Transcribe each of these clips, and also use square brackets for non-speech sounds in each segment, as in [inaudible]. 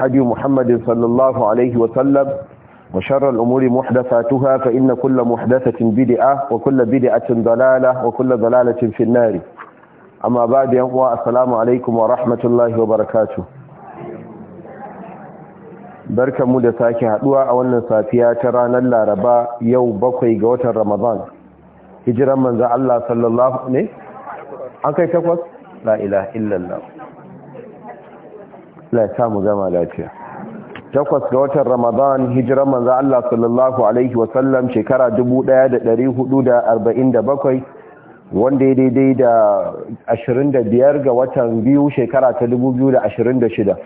هدي محمد صلى الله عليه وسلم وشر الأمور محدثاتها فإن كل محدثة بدعة وكل بدعة ضلالة وكل ضلالة في النار أما بعد يقوى السلام عليكم ورحمة الله وبركاته barka mu da sake haduwa a wannan safiya ta ranar laraba yau bakwai ga watan ramadan hijiran manzo Allah sallallahu ne an kai takwas la ilaha illallah Allah ya samu gama lafiya takwas ga watan Ramadan hijiran manzan Allah sallallahu alaihi wasallam shekara 1447 wanda ya daidai da 25 ga watan biyu shekara ta 2026 a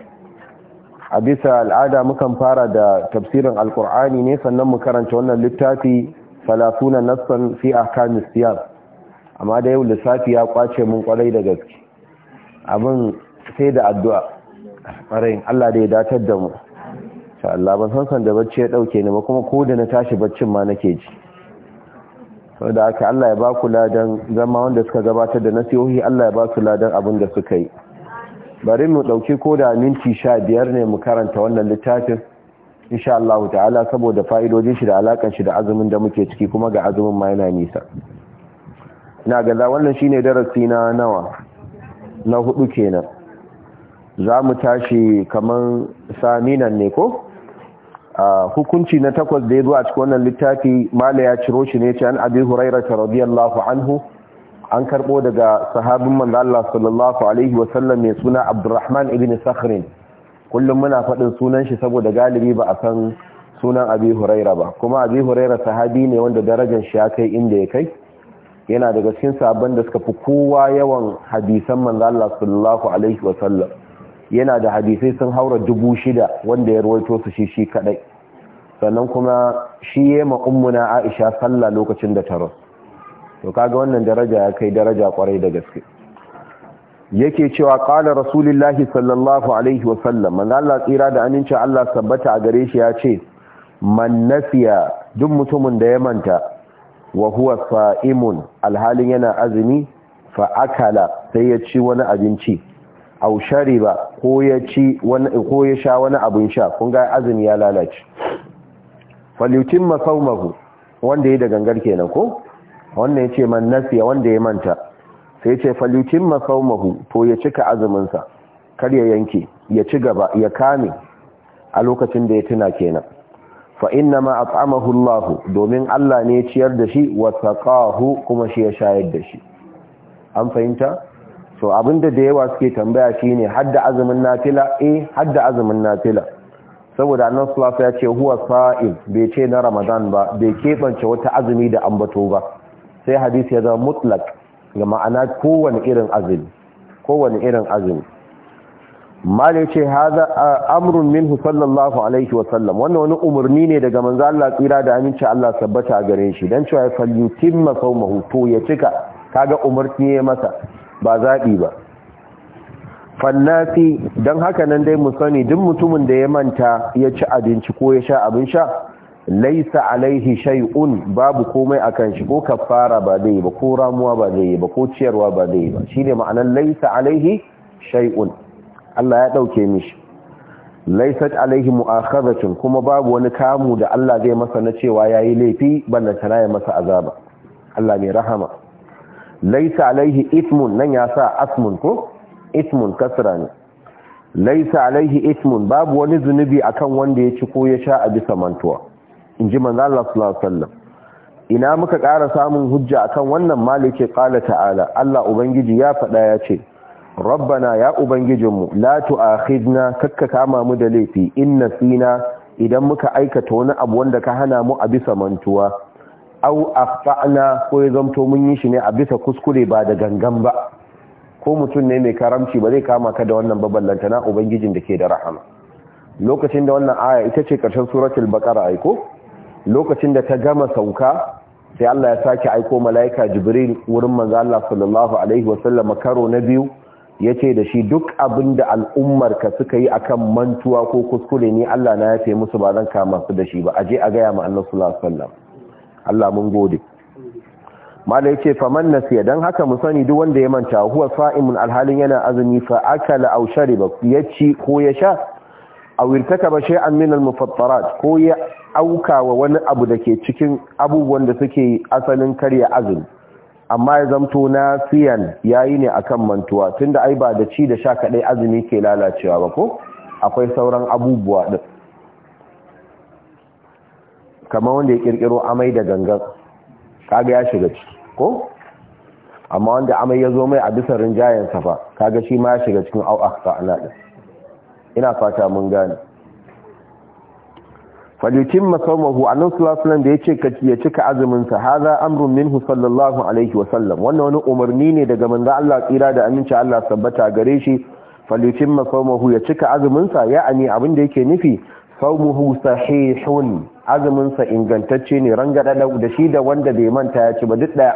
bisa al'ada mukan fara da tafsirin alkur'ani ne sannan mu karanta wannan littafi salasuna nassan fi ahkamis siyam amma da yau lissafi ya kwace mun kwarai da gaske abin sai da addu'a ƙarayin Allah da ya datar da mu sha Allah ban san sanda bacci ya ɗauke ni ba kuma ko da na tashi baccin ma nake ji sau da aka Allah ya ba ku ladan zama wanda suka gabatar da nasihohi Allah ya ba su ladan abin da suka yi bari mu ɗauki ko da minti sha biyar ne mu karanta wannan littafin insha Allah ta'ala saboda fa'idodin shi da alakan shi da azumin da muke ciki kuma ga azumin ma yana nisa ina ga wannan shine darasi na nawa na hudu kenan za mu tashi kamar saminan ne ko hukunci na takwas da ya zo a cikin wannan littafi mala ya ciro shi ne can, an abi hurairata radiyallahu anhu an karbo daga sahabin manzo Allah sallallahu alaihi wa sallam mai suna Abdurrahman ibn Sakhrin kullum muna faɗin sunan shi saboda galibi ba a san sunan abi huraira ba kuma abi huraira sahabi ne wanda darajar shi ya kai inda ya kai yana daga cikin sahabban da suka fi kowa yawan hadisan manzo Allah sallallahu alaihi wa sallam yana da hadisai sun haura dubu shida wanda ya ruwaito su shi shi kadai sannan kuma shi ya yi ma'ummuna aisha sallah lokacin da ta rasu to kaga wannan daraja ya kai daraja kwarai da gaske yake cewa qala Rasulillahi sallallahu alaihi wa sallam Allah tsira da amincin Allah sabbata a gare shi ya ce man nasiya duk mutumin da ya manta wa huwa sa'imun alhalin yana azumi fa akala sai ya ci wani abinci au shariba ko ya ci wani ko ya sha wani abin sha kun ga azumi ya lalace falyutimma sawmahu wanda ya da gangar kenan ko wannan yace man nasiya wanda ya manta sai yace falyutimma sawmahu to ya cika azumin sa kar ya yanke ya ci gaba ya kame a lokacin da ya tuna kenan fa inna ma at'amahu Allah domin Allah ne ya ciyar da shi wa saqahu kuma shi ya shayar da shi an fahimta to abinda da yawa suke tambaya shine hadda azumin nafila eh hadda azumin nafila saboda annabi sallallahu ya ce huwa sa'im bai ce na ramadan ba bai kebance wata azumi da ambato ba sai hadisi ya zama mutlak ga ma'ana kowane irin azumi kowane irin azumi mal yace hada amrun minhu sallallahu alaihi wa sallam wannan wani umurni ne daga manzo Allah tsira da aminci Allah sabbata gare shi dan cewa fa yutimma sawmahu to ya cika kaga umurni ya masa ba zaɓi ba fannasi don haka nan dai mu sani duk mutumin da ya manta ya ci abinci ko ya sha abin sha laisa alaihi shay'un babu komai akan shi ko kafara ba zai ba ko ramuwa ba zai ba ko ciyarwa ba zai ba shine ma'anar laisa alaihi shay'un Allah ya dauke mishi laisat alaihi mu'akhadhatun kuma babu wani kamu da Allah zai masa na cewa yayi laifi balla tana ya masa azaba Allah mai rahama laisa alaihi ismun nan ya sa asmun ko ismun kasra ne laisa alaihi ismun babu wani zunubi akan wanda ya ci ko ya sha a bisa mantuwa in ji manzo Allah sallallahu alaihi wasallam ina muka ƙara samun hujja akan wannan malike qala ta'ala Allah ubangiji ya faɗa ya ce rabbana ya ubangijinmu la tu'akhidna kakka kama mu da laifi in nasina idan muka aikata wani abu wanda ka hana mu a bisa mantuwa au fa'ana ko ya zamto mun yi shi ne a bisa kuskure ba da gangan ba ko mutum ne mai karamci ba zai kama ka da wannan baballanta na ubangijin da ke da rahama lokacin da wannan aya ita ce karshen suratul baqara aiko lokacin da ta gama sauka sai Allah ya sake aiko malaika jibril wurin manzo Allah sallallahu alaihi wasallam karo na biyu yace da shi duk abin da al'ummar ka suka yi akan mantuwa ko kuskure ne Allah na yafe musu ba zan kama su da shi ba aje a ga ya ma Allah sallallahu Allah mun gode mala yace faman nasiya don haka mu sani duk wanda ya manta huwa sa'imun alhalin yana azumi fa akala ba ya ci ko ya sha aw ba shi an al-mufattarat ko ya auka wa wani abu da ke cikin abubuwan da suke asalin karya azumi amma ya zamto ya yi ne akan mantuwa tunda ai ba da ci da sha kaɗai azumi ke lalacewa ba ko akwai sauran abubuwa din kamar wanda ya kirkiro amai da gangan kaga ya shiga ciki ko amma wanda amai ya zo mai a bisa rinjayen safa kaga shi ma ya shiga cikin au akhta ana ina fata mun gane Falitin masawmahu annabi sallallahu alaihi wasallam da yace ka ya cika azumin sa hadha amrun minhu sallallahu alaihi wasallam wannan wani umarni ne daga manzo Allah tsira da aminci Allah sabbata gare shi falyutim masawmahu ya cika azumin sa ya ani abin da yake nufi sawmuhu sahihun azuminsa ingantacce ne rangada da shi da wanda bai manta ya ci ba duk daya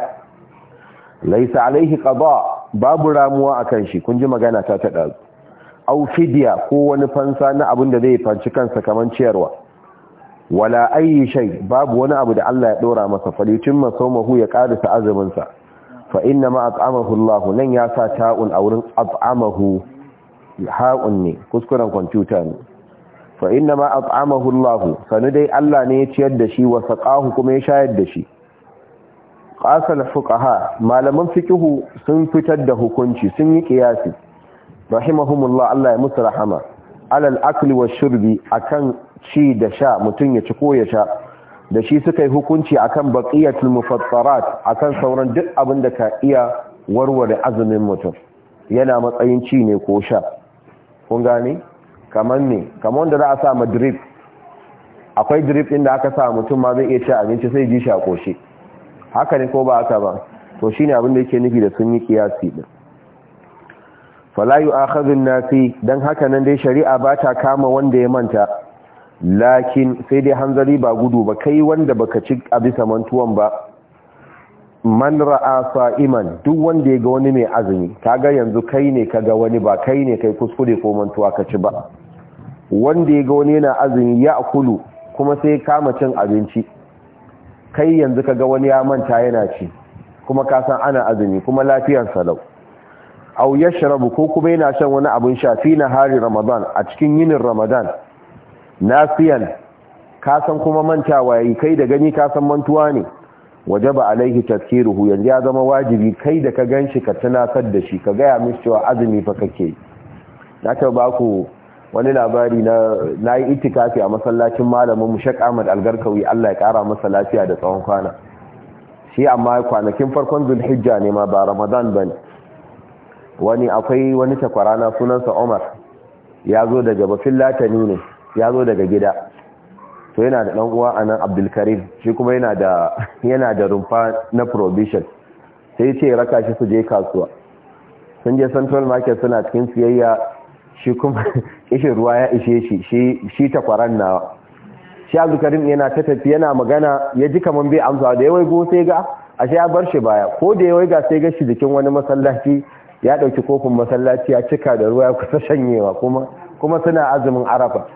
laisa alaihi qada babu ramuwa akan shi kun ji magana ta ta dazu au fidya ko wani fansa na abin da zai fanci kansa kaman ciyarwa wala ayi shay babu wani abu da Allah ya dora masa falicin masaumahu ya karisa azuminsa fa inna ma at'amahu Allah nan ya sa ta'un a wurin at'amahu ha'un ne kuskuren kwamfuta ne fa inna ma at'amahu Allah sanu dai Allah ne ya ciyar da shi wa saqahu kuma ya shayar da shi qasal fuqaha malaman fiqhu sun fitar da hukunci sun yi qiyasi rahimahumullah Allah ya musu rahama alal akli wa shurbi akan ci da sha mutun ya ci ko ya sha da shi suka yi hukunci akan baqiyatul mufattarat akan sauran duk abin da ka iya warware azumin mutum yana matsayin ci ne ko sha kun gane kamar ne kamar wanda za a sa drip akwai drip din da aka sa mutum ma zai iya ci abinci sai ji shi a koshi haka ne ko ba haka ba to shi abin da yake nufi da sun yi kiyasi din falayu a nasi dan haka nan dai shari'a ba ta kama wanda ya manta lakin sai dai hanzari ba gudu ba kai wanda baka ci abisa bisa mantuwan ba man ra'a sa'iman duk wanda ya ga wani mai azumi kaga yanzu kai ne ka ga wani ba kai ne kai kuskure ko mantuwa ka ci ba wanda ya ga wani yana azumi ya Kulu kuma sai kama cin abinci kai yanzu ka ga wani ya manta yana ci kuma ka san ana azumi kuma lafiyar salau au yashrabu ko kuma yana shan wani abin sha fi hari ramadan a cikin yinin ramadan nasiyan ka san kuma mantawa yayi kai da gani ka san mantuwa ne wajaba alaihi ruhu, yanzu ya zama wajibi kai da ka ganshi ka tunasar da shi ka gaya mishi cewa azumi fa kake na ta ba ku wani labari na yi itikafi a masallacin malamin mu Sheikh Ahmad Algarkawi Allah ya kara masa lafiya da tsawon kwana shi amma kwanakin farkon Zulhijja ne ma ba Ramadan bane wani akwai wani takwarana sunansa Umar ya zo daga Bafin Latani ne ya zo daga gida to yana da dan uwa anan Abdul shi kuma [laughs] yana da rumfa na provision sai ce raka shi su je kasuwa sun je Central Market suna cikin siyayya [laughs] ishin ruwa ya ishe shi shi takwaran nawa shi azukarin yana ta tafi yana magana ya ji kamar bai amsa da yawai go sai ga ashe ya bar shi baya ko da yawai ga sai ga shi jikin wani masallaci ya ɗauki kofin masallaci ya cika da ruwa ya kusa shanyewa kuma kuma suna azumin arafa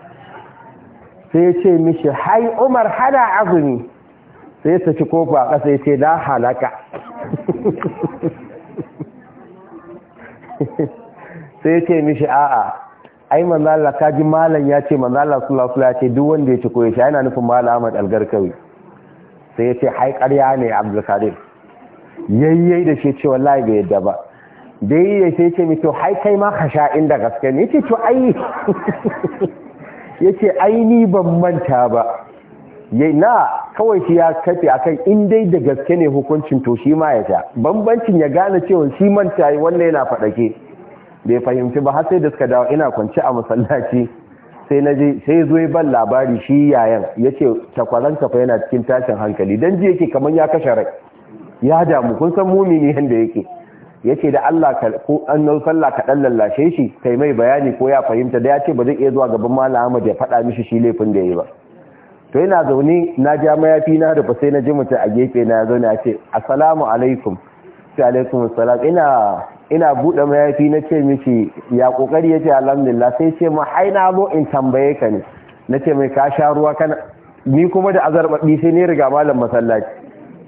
sai ya ce mishi hai umar hana azumi sai ya saki kofa a ƙasa ya ce na halaka [laughs] sai ya ce mishi a'a ai manzo Allah ka ji malam ya ce manzo Allah sallallahu alaihi ya ce duk wanda ya ci koyi shi yana nufin malam Ahmad Algarkawi sai ya ce hai ƙarya ne Abdul Karim yayyai da shi ce wallahi bai yadda ba da yi sai ce mi to hai ma kasha inda gaske ne yace to ai [laughs] yace ai ni ban manta ba yayi na kawai shi ya kafe akan in dai da gaske ne hukuncin to shi ma ya ta. bambancin ya gane cewa shi manta wannan yana faɗake bai fahimci ba har sai da suka dawo ina kwance a masallaci sai na je sai zo ban labari shi yayan yace takwaran fa yana cikin tashin hankali dan ji yake kaman ya kashe rai ya damu kun san mumini yanda yake yace da Allah ka ko annabi sallah ka dan lallashe shi kai mai bayani ko ya fahimta da yace ba zai iya zuwa gaban malam Ahmad ya faɗa mishi shi laifin da yayi ba to ina zaune na ja mayafi na da sai na ji mutum a gefe na zaune ya ce assalamu alaikum alaikum salam ina ina buɗe mayafi na ce mishi ya ƙoƙari ya ce alhamdulillah sai ce ma ai na zo in tambaye ka ne na ce mai ka sha ruwa kana ni kuma da azarbaɗi sai ne riga malam masallaci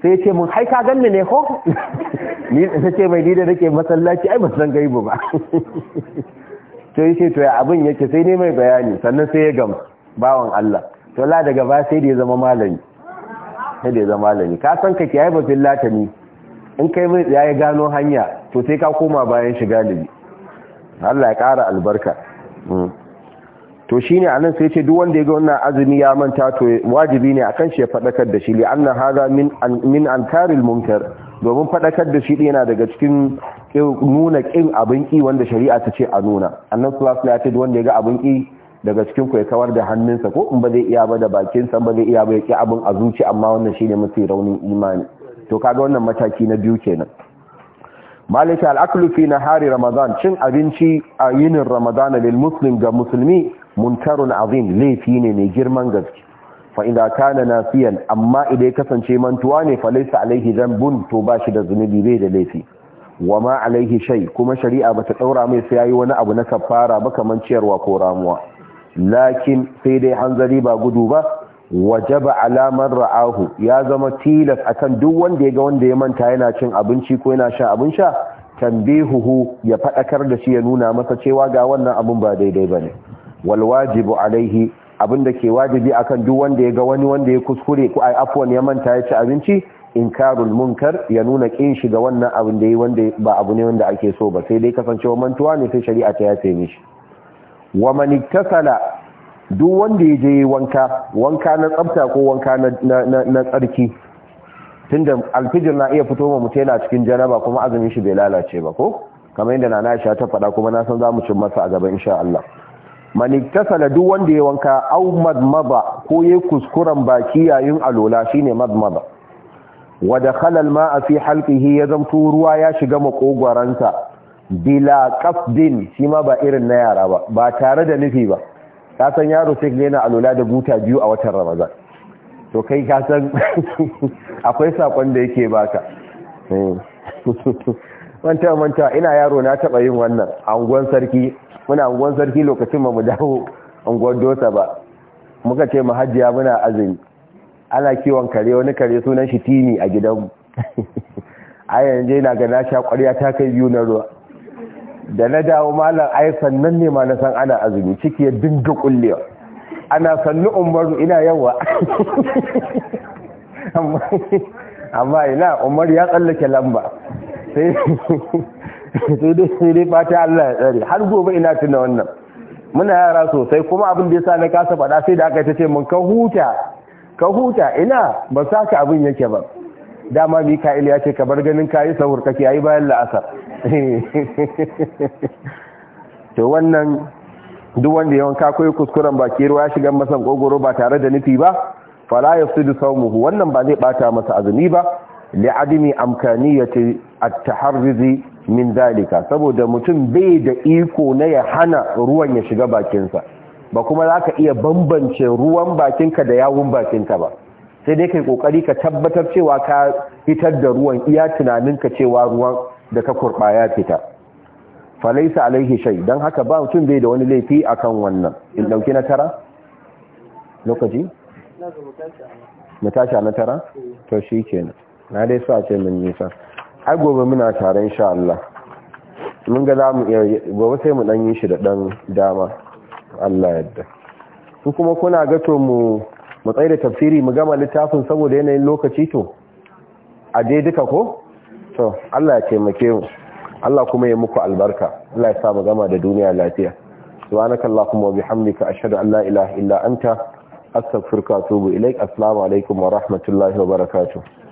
sai ce mun hai ka ganni ne ko [laughs] ni na ce mai ni da nake masallaci ai ba san gaibu ba [laughs] to yace to ya abin yake sai ne mai bayani sannan sai ya gama bawan Allah to la daga ba sai da ya zama malami sai da ya zama malami ka san ka kiyaye ba ni in kai ya yi gano hanya to sai ka koma bayan shi galibi Allah ya kara albarka mm. to shine anan sai ce duk wanda ya ga wannan azumi ya manta to wajibi ne akan shi ya fadakar da shi li anna haza min min karil munkar domin fadakar da shi yana daga cikin nuna kin abin ki wanda shari'a ta ce a nuna annan sallallahu alaihi wasallam wanda ya ga abin ki daga cikin ku ya kawar da hannunsa ko in ba zai iya ba da bakin sa ba zai iya ba ya ki abin a amma wannan shine mafi raunin imani to kaga wannan mataki na biyu kenan malika al'aklu fi nahari ramadan cin abinci a yinin ramadan lil muslim ga musulmi munkarun azim laifi ne mai girman gaske fa idza kana nasiyan amma idan kasance mantuwa ne fa laysa alaihi dhanbun to ba shi da zunubi bai da laifi wama alaihi shay kuma shari'a bata daura mai sai yayi wani abu na kafara ba kaman ciyarwa ko ramuwa lakin sai dai hanzari ba gudu ba wajaba man ra'ahu ya zama tilas akan duk wanda ya ga wanda ya manta yana cin abinci ko yana sha abin sha tanbihuhu ya fadakar da shi ya nuna masa cewa ga wannan abin ba daidai bane wal wajibu alaihi abin da ke wajibi akan duk wanda ya ga wani wanda ya kuskure ko ai afwan ya manta ya ci abinci inkarul munkar ya nuna kin shi ga wannan abin da wanda ba abu ne wanda ake so ba sai dai kasancewa mantuwa ne sai shari'a ta yace mishi wa man iktasala duk wanda ya je wanka wanka na tsafta ko wanka na tsarki tunda alfijir na iya fito ma mutum yana cikin janaba kuma azumin shi bai lalace ba ko kamar yadda na Aisha ta faɗa kuma na san zamu cin masa a gaba insha Allah mani iktasala duk wanda ya wanka aw madmada ko ya kuskuren baki yayin alola shine madmada wa dakhala alma'a fi halqihi ya zamto ruwa ya shiga makogwaransa bila qasdin shi ma ba irin na yara ba ba tare da nufi ba ka san yaro sai ga yana alola da buta biyu a watan ramadan to kai ka san [laughs] akwai sakon da yake baka eh. [laughs] manta manta ina yaro na taba yin wannan angon sarki muna angon sarki lokacin mu dawo angon dosa ba muka ce mu hajjiya muna azumi ana kiwon kare wani kare sunan shi tini a gidan [laughs] a yanzu yana ga na sha kwarya ta kai biyu na ruwa da na dawo malam ai sannan ne ma na san ana azumi ciki ya dinga kullewa ana sannu umaru ina yawa amma ina umaru ya tsallake lamba sai dai fata Allah ya tsare har gobe ina tuna wannan muna yara sosai kuma abin da ya sa na kasa faɗa sai da aka ce mun ka huta ka huta ina ba sa ka abin yake ba dama mika'il ya ce ka bar ganin kayi sahur kake yayi bayan la'asar [laughs] to wannan duk wanda yawan ka koyi kuskuren baki ruwa ya shiga masa kogoro ba tare da nufi ba fala yafsidu sawmuhu wannan ba zai bata masa azumi ba li'adimi amkaniyati at-taharruzi min zalika. saboda mutum bai da iko na ya hana ruwan ya shiga bakinsa ba kuma zaka iya bambance ruwan bakinka da yawun bakinka ba sai dai kai kokari ka tabbatar cewa ka fitar da ruwan iya tunanin ka cewa ruwan da ka kurba ya fita falaisa alaihi shay dan haka ba mutum bai da wani laifi akan wannan in dauki na tara lokaci na tashi na tara to shikenan na dai sa ce mun nisa ai gobe muna tare insha Allah mun ga zamu gobe sai mu dan yi shi da dan dama Allah yadda su kuma kuna ga to mu mu da tafsiri mu gama littafin saboda yanayin lokaci to a je duka ko to Allah ya taimake mu Allah kuma ya muku albarka Allah ya sa mu gama da duniya lafiya subhanaka allahumma wa bihamdika ashhadu an la ilaha illa anta astaghfiruka wa atubu ilaik assalamu alaikum wa rahmatullahi wa barakatuh